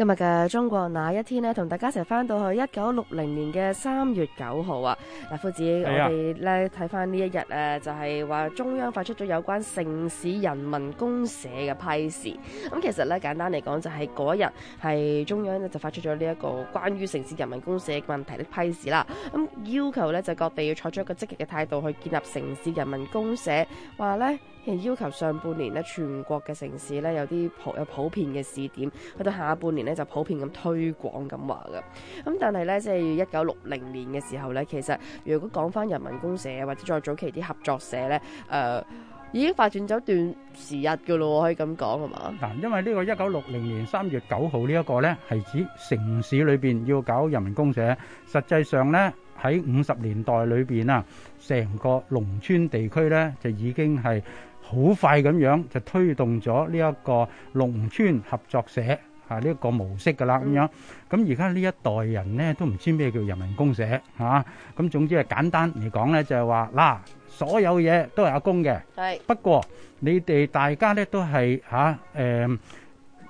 今日嘅中國那一天呢，同大家一齊翻到去一九六零年嘅三月九號啊！嗱，夫子，的我哋咧睇翻呢一日呢，看看啊、就係、是、話中央發出咗有關城市人民公社嘅批示。咁、嗯、其實咧，簡單嚟講就係嗰日係中央呢，就發出咗呢一個關於城市人民公社嘅問題的批示啦。咁、嗯、要求呢，就各地要採取一個積極嘅態度去建立城市人民公社。話呢，要求上半年呢，全國嘅城市呢，有啲普有普遍嘅試點，去到下半年呢咧就普遍咁推廣咁話嘅咁，但係咧即係一九六零年嘅時候咧，其實如果講翻人民公社或者再早期啲合作社咧，誒已經發展咗一段時日嘅咯，可以咁講係嘛？嗱，因為呢個一九六零年三月九號呢一個咧係指城市裏邊要搞人民公社，實際上咧喺五十年代裏邊啊，成個農村地區咧就已經係好快咁樣就推動咗呢一個農村合作社。啊！呢、這、一個模式噶啦咁樣，咁而家呢一代人呢，都唔知咩叫人民公社嚇。咁、啊啊、總之係簡單嚟講呢就係話嗱，所有嘢都係阿公嘅。係是不過你哋大家呢，都係嚇誒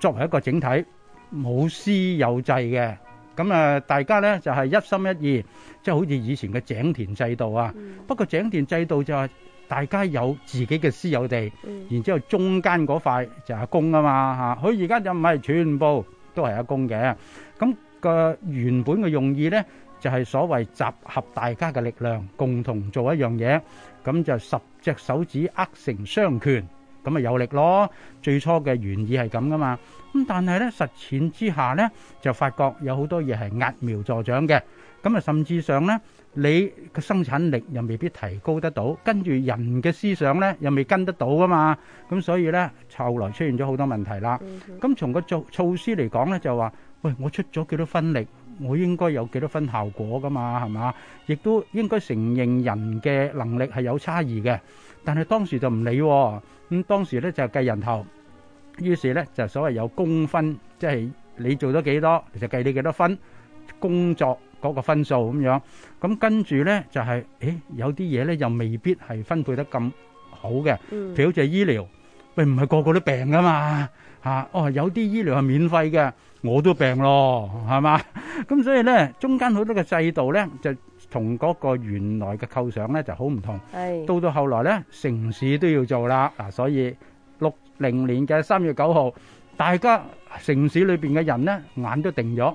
作為一個整體冇私有制嘅咁啊，大家呢，就係、是、一心一意，即、就、係、是、好似以前嘅井田制度啊。嗯、不過井田制度就係、是。大家有自己嘅私有地，嗯、然之後中間嗰塊就係阿公啊嘛嚇，佢而家就唔係全部都係阿公嘅。咁、嗰個原本嘅用意呢，就係、係、所謂集合大家嘅力量，共同做一樣嘢，咁就十隻手指握成雙拳，咁咪有力咯。最初嘅原意係咁噶嘛。咁但係呢，實踐之下呢，就發覺有好多嘢係揠苗助長嘅，咁啊甚至上呢。你嘅生產力又未必提高得到，跟住人嘅思想呢，又未跟得到㗎嘛，咁所以呢，後來出現咗好多問題啦。咁、嗯嗯、從那個作措施嚟講呢，就話：喂，我出咗幾多分力，我應該有幾多分效果噶嘛，係嘛？亦都應該承認人嘅能力係有差異嘅，但係當時就唔理、啊。咁當時呢，就計人頭，於是呢，就所謂有工分，即、就、係、是、你做咗幾多就計你幾多分工作。嗰個分數，咁樣，咁跟住呢就係、是，誒、欸、有啲嘢呢又未必係分配得咁好嘅，譬如好似醫療，喂唔係個個都病噶嘛，嚇、啊、哦有啲醫療係免費嘅，我都病咯，係嘛？咁所以呢，中間好多嘅制度呢就同嗰個原來嘅構想呢就好唔同，到是到後來呢，城市都要做啦，嗱所以六零年嘅三月九號，大家城市裏邊嘅人呢眼都定咗。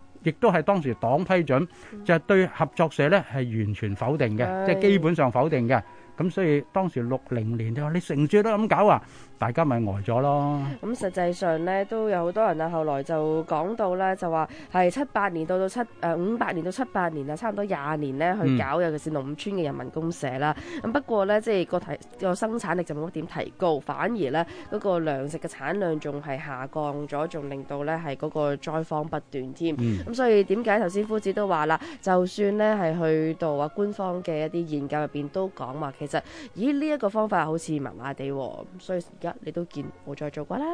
亦都係當時黨批准，就係、對合作社咧係完全否定嘅，即係的基本上否定嘅。咁所以當時六零年就話你成朝都咁搞啊，大家咪呆咗咯、嗯。咁實際上咧都有好多人啊，後來就講到咧就話係七八年到到七誒、呃、五八年到七八年啊，差唔多廿年咧去搞，嗯、尤其是農村嘅人民公社啦。咁不過咧即係個體個生產力就冇乜點提高，反而咧嗰、嗰個糧食嘅產量仲係下降咗，仲令到咧係嗰個災荒不斷添。咁、嗯嗯、所以點解頭先夫子都話啦，就算咧係去到啊官方嘅一啲研究入邊都講話其實。咦呢一個方法好似麻麻地，所以而家你都見冇再做過啦。